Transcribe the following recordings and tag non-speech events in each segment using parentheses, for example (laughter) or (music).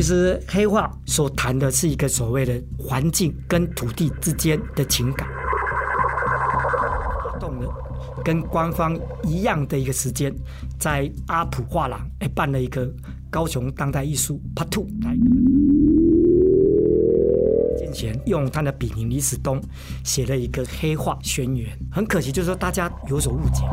其實黑畫所談的是一個所謂的環境跟土地之間的情感。我同跟官方一樣的一個時間，在阿普畫廊哎辦了一個高雄當代藝術 Part Two 來。先前用他的筆名李史東寫了一個黑畫宣言，很可惜就是說大家有所誤解。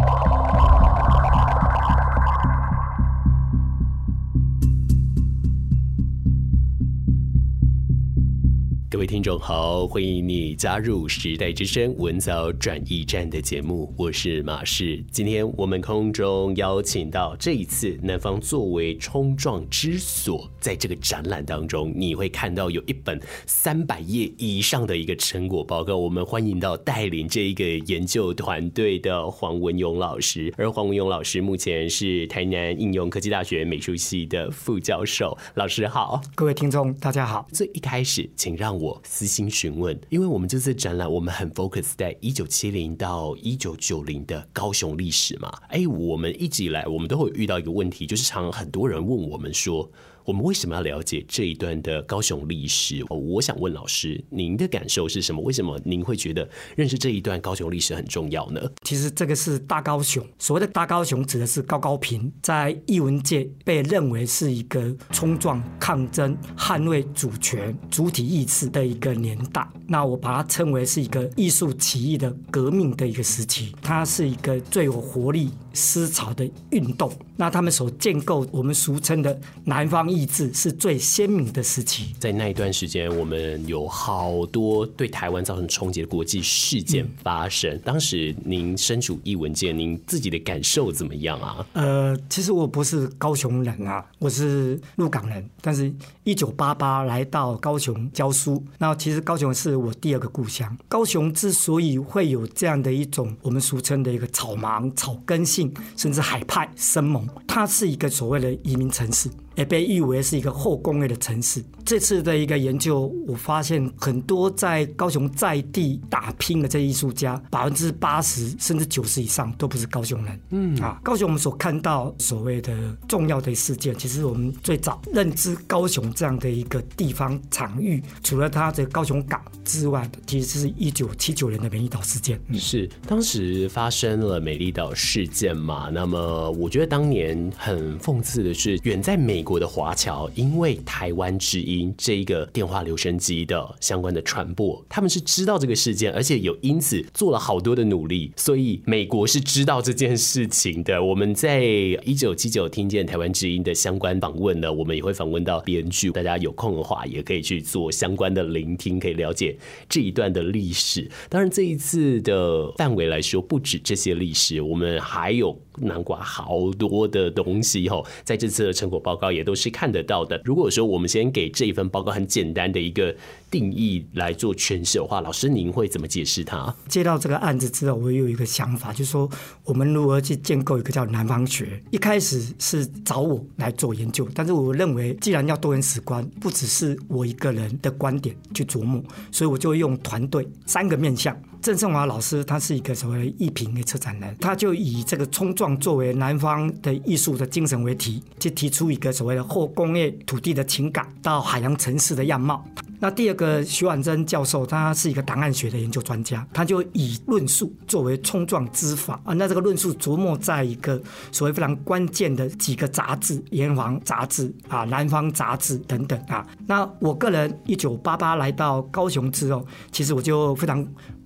各位聽眾好，歡迎你加入時代之聲文藻轉驛站的節目，我是馬氏。今天我們空中邀請到這一次南方作為衝撞之所，在這個展覽當中，你會看到有一本三百頁以上的一個成果報告。包括我們歡迎到帶領這一個研究團隊的黃文勇老師，而黃文勇老師目前是台南應用科技大學美術系的副教授。老師好，各位聽眾大家好。最一開始，請讓我。我私心詢問，因為我們這次展覽，我們很 focus 在一九七零到一九九零的高雄歷史嘛。哎，我們一直以來，我們都會遇到一個問題，就是常常很多人問我們說。我們為什麼要了解這一段的高雄歷史？我想問老師，您的感受是什麼？為什麼您會覺得認識這一段高雄歷史很重要呢？其實這個是大高雄，所謂的“大高雄”指的是高高屏在藝文界被認為是一個衝撞、抗爭、捍衛主權、主體意識的一個年代。那我把它稱為是一個藝術起義的革命的一個時期，它是一個最有活力。思潮的運動，那他們所建構我們俗稱的南方意志是最鮮明的時期。在那一段時間，我們有好多對台灣造成衝擊的國際事件發生、嗯。當時您身處藝文界，您自己的感受怎麼樣啊？呃，其實我不是高雄人啊，我是鹿港人，但是一九八八來到高雄教書，那其實高雄是我第二個故鄉。高雄之所以會有這樣的一種我們俗稱的一個草莽、草根性，甚至海派、生猛，它是一個所謂的移民城市。也被譽為是一個後工業的城市。這次的一個研究，我發現很多在高雄在地打拼的這藝術家，百分之八十甚至九十以上都不是高雄人。嗯啊，高雄我們所看到所謂的重要的事件，其實我們最早認知高雄這樣的一個地方場域，除了它的高雄港之外，其實是一九七九年的美麗島事件。嗯、是當時發生了美麗島事件嘛？那麼我覺得當年很諷刺的是，遠在美。美國的華僑因為台灣之音這一個電話留聲機的相關的傳播，他們是知道這個事件，而且有因此做了好多的努力，所以美國是知道這件事情的。我們在一九七九聽見台灣之音的相關訪問呢，我們也會訪問到編劇，大家有空的話也可以去做相關的聆聽，可以了解這一段的歷史。當然，這一次的範圍來說，不止這些歷史，我們還有。南瓜好多的東西吼，在這次的成果報告也都是看得到的。如果說我們先給這一份報告很簡單的一個定義來做詮釋的話，老師您會怎麼解釋它？接到這個案子之後，我有一個想法，就是說我們如何去建構一個叫南方學。一開始是找我來做研究，但是我認為既然要多元史觀，不只是我一個人的觀點去琢磨，所以我就用團隊三個面向。鄭勝華老師，他是一個所謂的藝評的策展人，他就以這個衝撞作為南方的藝術的精神為題，就提出一個所謂的後工業土地的情感到海洋城市的樣貌。那第二個徐婉珍教授，他是一個檔案學的研究專家，他就以論述作為衝撞之法啊。那這個論述琢磨在一個所謂非常關鍵的幾個雜誌，《炎黃雜誌》啊，《南方雜誌》等等啊。那我個人一九八八來到高雄之後，其實我就非常。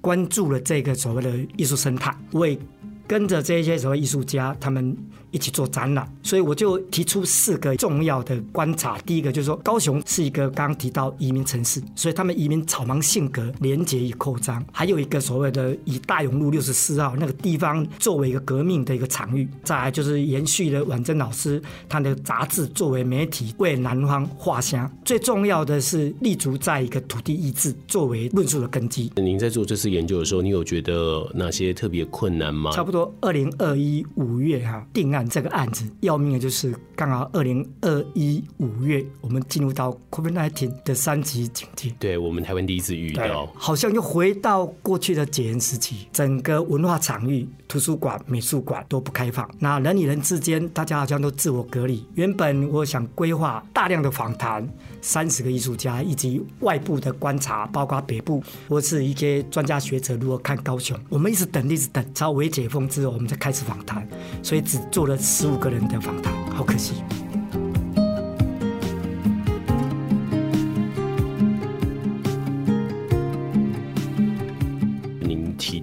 關注了這個所謂的藝術生態，因為跟着這些所謂藝術家，他們。一起做展覽，所以我就提出四個重要的觀察。第一個就是說，高雄是一個剛剛提到移民城市，所以他們移民草莽性格，廉潔與擴張。還有一個所謂的以大勇路六十四號那個地方作為一個革命的一個場域。再來就是延續了婉珍老師他的雜誌作為媒體為南方畫像。最重要的是立足在一個土地意志作為論述的根基。那您在做這次研究的時候，你有覺得哪些特別困難嗎？差不多二零二一五月哈定案。這個案子要命的就是，剛好二零二一五月，我們進入到 COVID-19 的三級警戒。對，我們台灣第一次遇到，好像又回到過去的戒嚴時期，整個文化場域，圖書館、美術館都不開放，那人與人之間，大家好像都自我隔離。原本我想規劃大量的訪談，三十個藝術家以及外部的觀察，包括北部或是一些專家學者，如何看高雄，我們一直等，一直等，直到解封之後，我們才開始訪談，所以只做了十五個人的訪談，好可惜。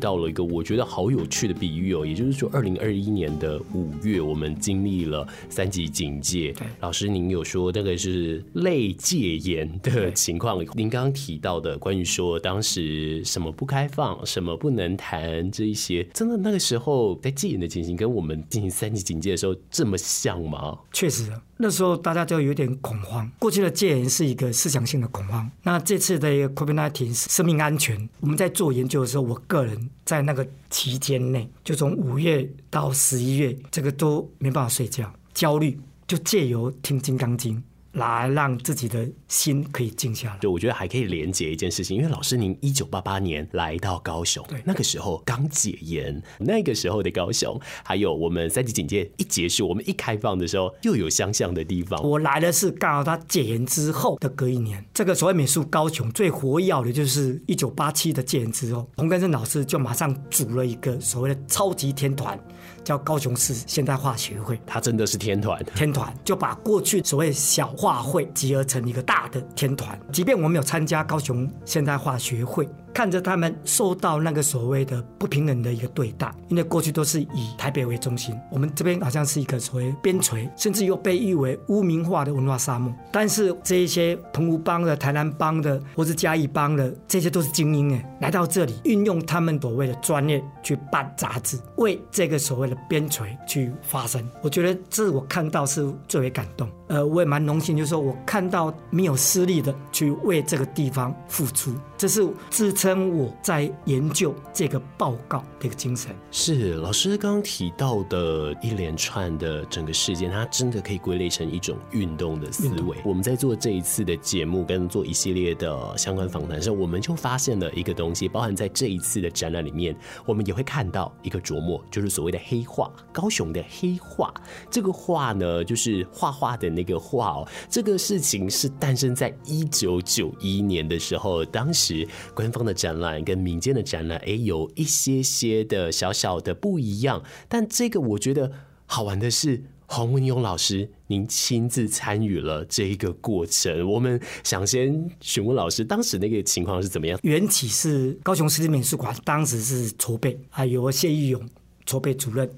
到了一個我覺得好有趣的比喻哦、喔，也就是說，二零二一年的五月，我們經歷了三級警戒。對、okay.，老師，您有說那個是類戒嚴的情況？Okay. 您剛剛提到的關於說當時什麼不開放、什麼不能談這一些，真的那個時候在戒嚴的情形，跟我們進行三級警戒的時候這麼像嗎？確實。那時候大家就有點恐慌。過去的戒嚴是一個思想性的恐慌。那這次的一個 COVID-19 是生命安全，我們在做研究的時候，我個人在那個期間內，就從五月到十一月，這個都沒辦法睡覺，焦慮，就藉由聽金金《金剛經》。來讓自己的心可以靜下來。對，我覺得還可以連接一件事情，因為老師您一九八八年來到高雄，對，那個時候剛解嚴，那個時候的高雄，還有我們三級警戒一結束，我們一開放的時候，又有相像的地方。我來的是剛好他解嚴之後的隔一年，這個所謂美術高雄最活躍的就是一九八七的解嚴之後，洪根深老師就馬上組了一個所謂的超級天團。叫高雄市現代畫學會，它真的是天團。天團就把過去所謂小畫會，集合成一個大的天團，即便我沒有參加高雄現代畫學會。看着他們受到那個所謂的不平等的一個對待，因為過去都是以台北為中心，我們這邊好像是一個所謂邊陲，甚至又被譽為汙名化的文化沙漠。但是這一些澎湖幫的、台南幫的，或者嘉義幫的，這些都是精英哎，來到這裡，運用他們所謂的專業去辦雜誌，為這個所謂的邊陲去發聲。我覺得這我看到是最為感動。呃，我也蠻榮幸，就是說我看到沒有私利的去為這個地方付出，這是支撐我在研究這個報告這個精神。是老師剛剛提到的一連串的整個事件，它真的可以歸類成一種運動的思維。我們在做這一次的節目跟做一系列的相關訪談時候，我們就發現了一個東西，包含在這一次的展覽裡面，我們也會看到一個琢磨，就是所謂的黑畫，高雄的黑畫。這個畫呢，就是畫畫的。那個畫哦，這個事情是誕生在一九九一年的時候。當時官方的展覽跟民間的展覽，哎，有一些些的小小的不一樣。但這個我覺得好玩的是，黃文勇老師您親自參與了這一個過程。我們想先詢問老師，當時那個情況是怎麼樣？緣起是高雄市立美術館，當時是籌備，還有謝義勇籌備主任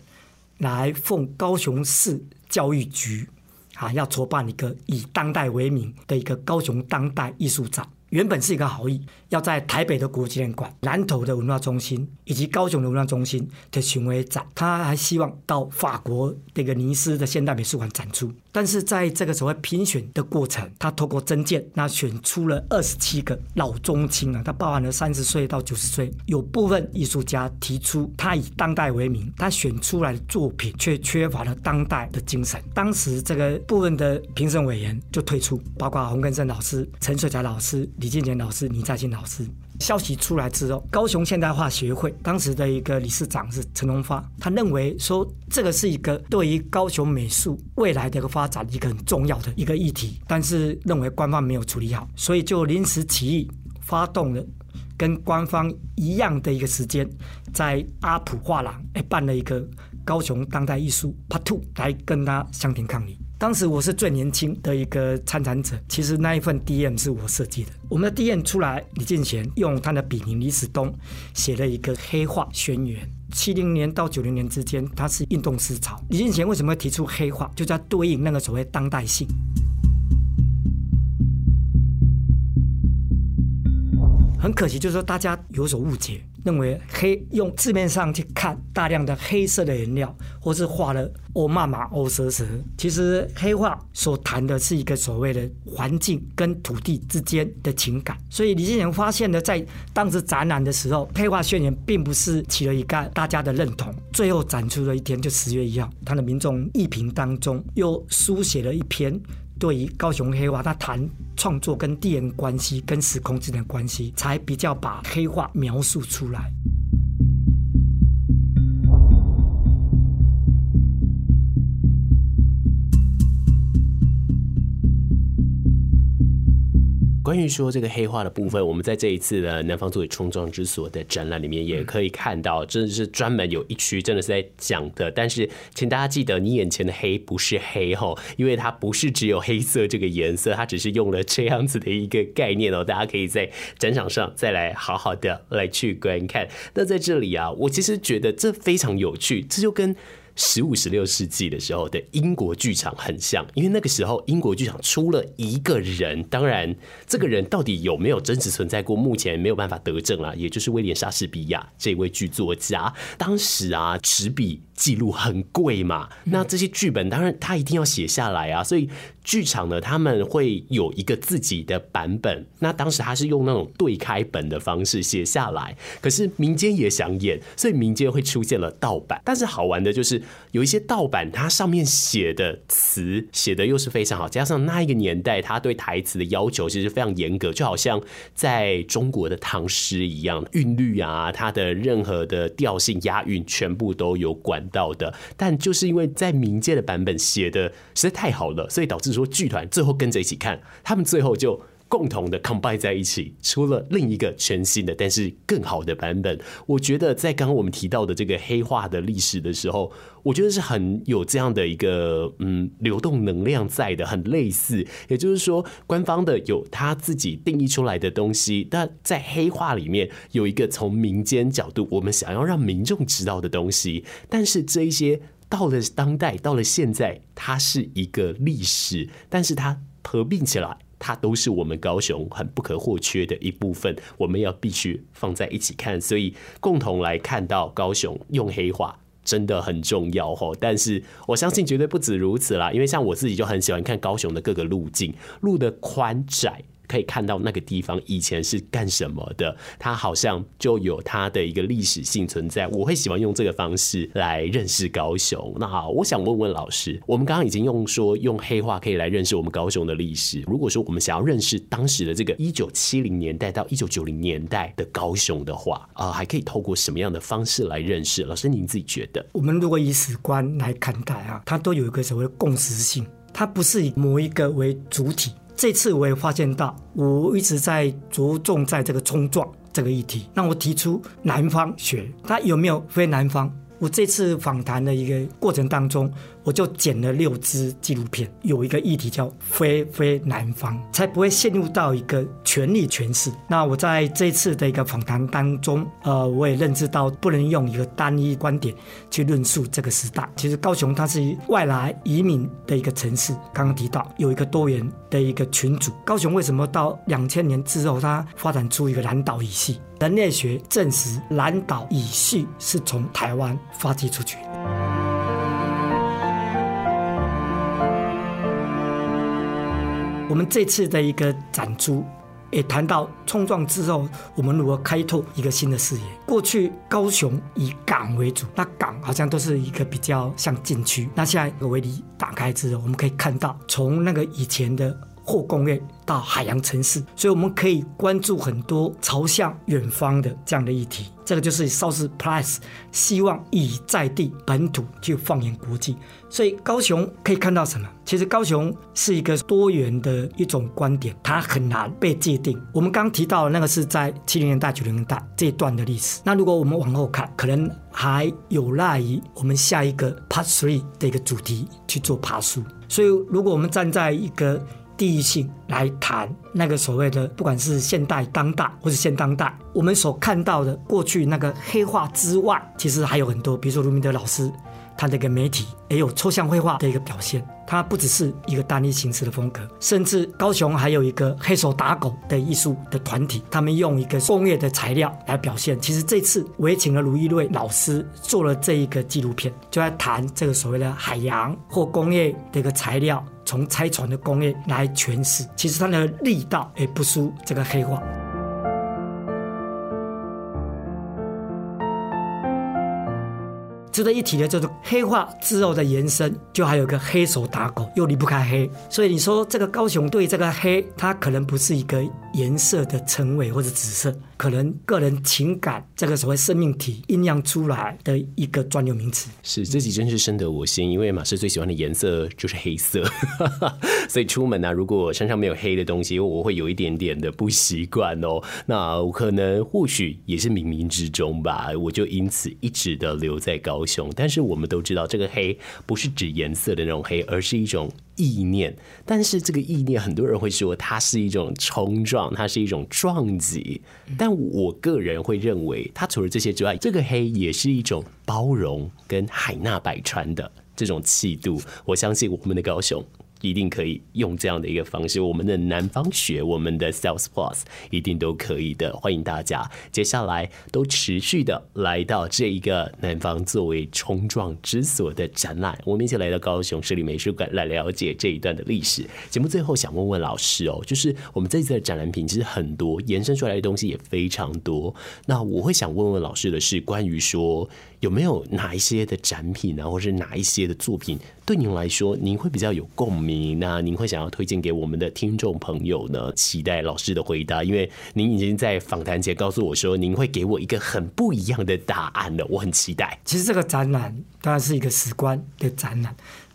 來奉高雄市教育局。啊，要籌辦一個以當代為名的一個高雄當代藝術展，原本是一個好意，要在台北的國際館、南投的文化中心以及高雄的文化中心的巡迴展，他還希望到法國這個尼斯的現代美術館展出。但是在這個所謂評選的過程，他透過甄選，那選出了二十七個老中青啊，他包含了三十歲到九十歲。有部分藝術家提出，他以當代為名，他選出來的作品卻缺乏了當代的精神。當時這個部分的評審委員就退出，包括洪根深老師、陳水財老師、李進前老師、倪再興老師。消息出來之後，高雄現代化協會當時的一個理事長是陳榮發，他認為說這個是一個對於高雄美術未來的一個發展一個很重要的一個議題，但是認為官方沒有處理好，所以就臨時起意發動了跟官方一樣的一個時間，在阿普畫廊哎辦了一個高雄當代藝術 Part Two 來跟他相庭抗禮。當時我是最年輕的一個參展者，其實那一份 DM 是我設計的。我們的 DM 出來，李俊賢用他的筆名李始東寫了一個“黑化宣言”。七零年到九零年之間，它是運動思潮。李俊賢為什麼會提出“黑化”？就叫、是、對應那個所謂當代性。很可惜，就是說大家有所誤解，認為黑用字面上去看大量的黑色的顏料。或是畫了我罵罵我蛇蛇，其實黑畫所談的是一個所謂的環境跟土地之間的情感。所以李金賢發現呢，在當時展覽的時候，黑畫宣言並不是起了一個大家的認同。最後展出了一天，就十月一號，他的民眾藝評當中又書寫了一篇對於高雄黑畫。他談創作跟地緣關係、跟時空之間的關係，才比較把黑畫描述出來。關於說這個黑畫的部分，我們在這一次的南方作為衝撞之所的展覽裡面，也可以看到，真的是專門有一區，真的是在講的。但是，請大家記得，你眼前的黑不是黑吼，因為它不是只有黑色這個顏色，它只是用了這樣子的一個概念哦。大家可以在展場上再來好好的來去觀看。那在這裡啊，我其實覺得這非常有趣，這就跟。十五、十六世紀的時候的英國劇場很像，因為那個時候英國劇場出了一個人，當然這個人到底有沒有真實存在過，目前沒有辦法得證啊。也就是威廉·莎士比亞這位劇作家。當時啊，持筆。記錄很貴嘛，那這些劇本當然他一定要寫下來啊，所以劇場呢，他們會有一個自己的版本。那當時他是用那種對開本的方式寫下來，可是民間也想演，所以民間會出現了盜版。但是好玩的就是有一些盜版，它上面寫的詞寫的又是非常好，加上那一個年代他對台詞的要求其實非常嚴格，就好像在中國的唐詩一樣，韻律啊，它的任何的調性、押韻全部都有關。到的，但就是因為在民間的版本寫的實在太好了，所以導致說劇團最後跟着一起看，他們最後就，共同的 combine 在一起，出了另一個全新的，但是更好的版本。我覺得在剛剛我們提到的這個黑畫的歷史的時候，我覺得是很有這樣的一個嗯流動能量在的，很類似。也就是說，官方的有他自己定義出來的東西，但在黑畫裡面有一個從民間角度我們想要讓民眾知道的東西。但是這一些到了當代，到了現在，它是一個歷史，但是它合併起來。它都是我們高雄很不可或缺的一部分，我們要必須放在一起看，所以共同來看到高雄用黑畫真的很重要哦。但是我相信絕對不止如此啦，因為像我自己就很喜歡看高雄的各個路徑，路的寬窄。可以看到那個地方以前是幹什麼的，它好像就有它的一個歷史性存在。我會喜歡用這個方式來認識高雄。那好，我想問問老師，我們剛剛已經用說用黑話可以來認識我們高雄的歷史。如果說我們想要認識當時的這個一九七零年代到一九九零年代的高雄的話，啊、呃，還可以透過什麼樣的方式來認識？老師您自己覺得？我們如果以史觀來看待啊，它都有一個所謂的共識性，它不是以某一個為主體。這次我也發現到，我一直在着重在這個衝撞這個議題。那我提出南方學，他有沒有非南方？我這次訪談的一個過程當中。我就剪了六支紀錄片，有一個議題叫“非非南方”，才不會陷入到一個權力詮釋。那我在這次的一個訪談當中，呃，我也認知到不能用一個單一觀點去論述這個時代。其實高雄它是外來移民的一個城市，剛剛提到有一個多元的一個群組。高雄為什麼到兩千年之後，它發展出一個南島語系？人類學證實，南島語系是從台灣發跡出去。我們這次的一個展出，也談到衝撞之後，我們如何開拓一個新的視野。過去高雄以港為主，那港好像都是一個比較像禁區。那現在圍籬打開之後，我們可以看到從那個以前的。或工業到海洋城市，所以我們可以關注很多朝向遠方的這樣的議題。這個就是邵氏 Plus 希望以在地本土去放眼國際。所以高雄可以看到什麼？其實高雄是一個多元的一種觀點，它很難被界定。我們剛提到那個是在七零年代、九零年代這一段的歷史。那如果我們往後看，可能還有賴於我們下一個 Part Three 的一個主題去做爬梳。所以如果我們站在一個地域性來談那個所謂的，不管是現代當代或者現當代，我們所看到的過去那個黑畫之外，其實還有很多，比如說盧明德老師他這個媒體，也有抽象繪畫的一個表現。它不只是一個單一形式的風格，甚至高雄還有一個黑手打狗的藝術的團體，他們用一個工業的材料來表現。其實這次我也請了盧一瑞老師做了這一個紀錄片，就在談這個所謂的海洋或工業的一個材料，從拆船的工業來詮釋，其實它的力道也不輸這個黑畫。值得一提的，就是黑化之後的延伸，就還有個黑手打狗，又離不開黑。所以你說這個高雄對這個黑，它可能不是一個顏色的稱謂，或者紫色，可能個人情感這個所謂生命體陰陽出來的一個專用名詞。是，這集真是深得我心，因為馬氏最喜歡的顏色就是黑色， (laughs) 所以出門啊，如果身上沒有黑的東西，我會有一點點的不習慣哦。那可能或許也是冥冥之中吧，我就因此一直的留在高雄。熊，但是我們都知道，這個黑不是指顏色的那種黑，而是一種意念。但是這個意念，很多人會說它是一種衝撞，它是一種撞擊。但我個人會認為，它除了這些之外，這個黑也是一種包容跟海納百川的這種氣度。我相信我們的高雄一定可以用這樣的一個方式，我們的南方學，我們的 sales force 一定都可以的，歡迎大家接下來都持續的來到這一個南方作為衝撞之所的展覽。我們一起來到高雄市立美術館來了解這一段的歷史。節目最後想問問老師哦，就是我們這次的展覽品其實很多，延伸出來的東西也非常多。那我會想問問老師的是，關於說。有沒有哪一些的展品啊，或是哪一些的作品對您來說，您會比較有共鳴？那您會想要推薦給我們的聽眾朋友呢？期待老師的回答，因為您已經在訪談前告訴我說，您會給我一個很不一樣的答案了。我很期待。其實這個展覽當然是一個史觀的展覽，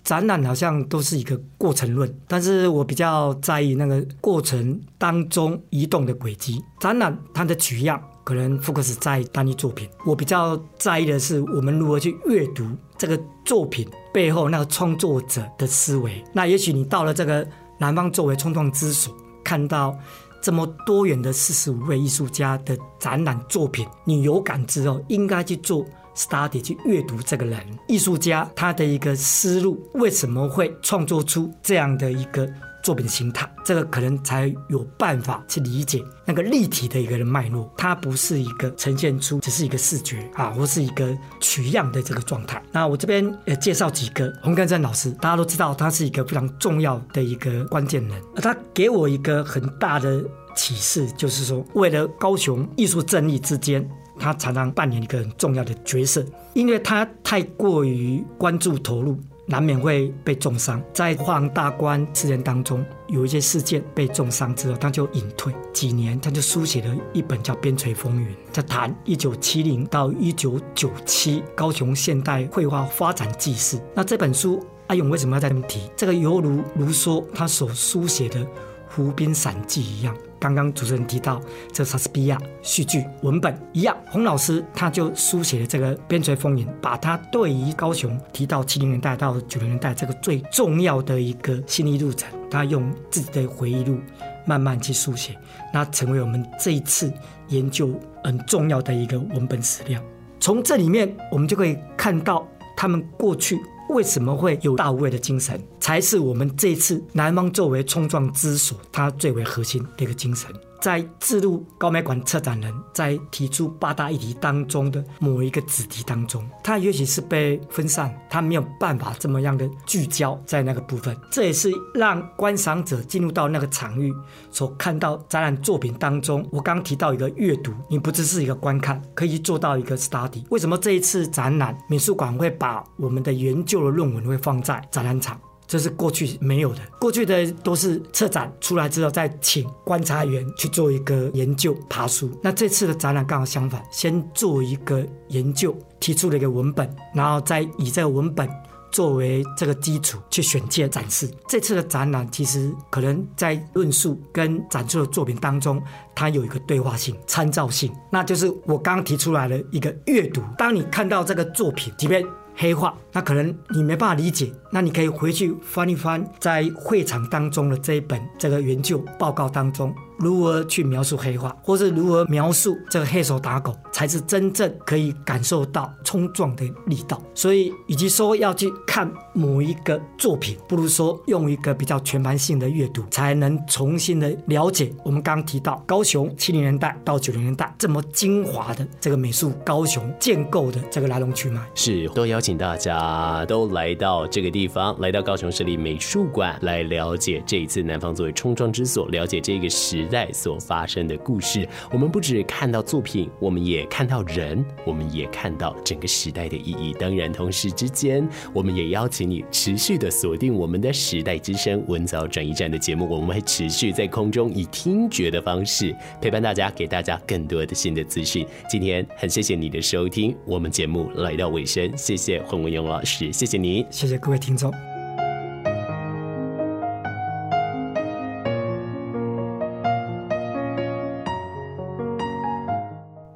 展覽好像都是一個過程論，但是我比較在意那個過程當中移動的軌跡，展覽它的取樣，可能 focus 在單一作品，我比較在意的是我們如何去閱讀這個作品背後那個創作者的思維。那也許你到了這個南方作為衝撞之所，看到這麼多元的四十五位藝術家的展覽作品，你有感之後，應該去做 study，去閱讀這個人藝術家他的一個思路，為什麼會創作出這樣的一個。作品的形態，這個可能才有辦法去理解那個立體的一個人脈絡，它不是一個呈現出只是一個視覺啊，或是一個取樣的這個狀態。那我這邊也介紹幾個洪根深老師，大家都知道他是一個非常重要的一個關鍵人，而他給我一個很大的啟示，就是說為了高雄藝術正義之間，他常常扮演一個很重要的角色，因為他太過於關注投入。難免會被中傷，在換大官事件當中，有一些事件被中傷之後，他就隱退幾年，他就書寫了一本叫《邊陲風雲》，在談一九七零到一九九七高雄現代繪畫發展紀事。那這本書，阿、啊、勇為什麼要在這裡提？這個猶如盧梭他所書寫的。湖濱散記一樣，剛剛主持人提到這莎士比亞戲劇文本一樣，洪老師他就書寫了這個邊陲風雲，把他對於高雄提到七零年代到九零年代這個最重要的一個心路歷程，他用自己的回憶錄慢慢去書寫，那成為我們這一次研究很重要的一個文本史料。從這裡面我們就可以看到他們過去。為什麼會有大無畏的精神？才是我們這一次南方作為衝撞之所，它最為核心的一個精神。在制度、高美館策展人，在提出八大議題當中的某一個子題當中，它也許是被分散，它沒有辦法這麼樣的聚焦在那個部分。這也是讓觀賞者進入到那個場域所看到展覽作品當中。我剛提到一個閱讀，你不只是一個觀看，可以做到一個 study。為什麼這一次展覽美術館會把我們的研究的論文會放在展覽場？這是過去沒有的，過去的都是策展出來之後再請觀察員去做一個研究爬梳。那這次的展覽剛好相反，先做一個研究，提出了一個文本，然後再以這個文本作為這個基礎去選件展示。這次的展覽其實可能在論述跟展出的作品當中，它有一個對話性、參照性，那就是我剛剛提出來的一個閱讀。當你看到這個作品，即便。黑話，那可能你沒辦法理解，那你可以回去翻一翻在會場當中的這一本這個研究報告當中。如何去描述黑畫，或是如何描述這個黑手打狗，才是真正可以感受到衝撞的力道。所以，與其說要去看某一個作品，不如說用一個比較全盤性的閱讀，才能重新的了解我們剛剛提到高雄七零年代到九零年代這麼精華的這個美術高雄建構的這個來龍去脈。是，都邀請大家都來到這個地方，來到高雄市立美術館，來了解這一次南方作為衝撞之所，了解這個時代。在所發生的故事，我們不只看到作品，我們也看到人，我們也看到整個時代的意義。當然，同時之間，我們也邀請你持續的鎖定我們的時代之聲文藻轉移站的節目，我們會持續在空中以聽覺的方式陪伴大家，給大家更多的新的資訊。今天很謝謝你的收聽，我們節目來到尾聲，謝謝黃文勇老師，謝謝你，謝謝各位聽眾。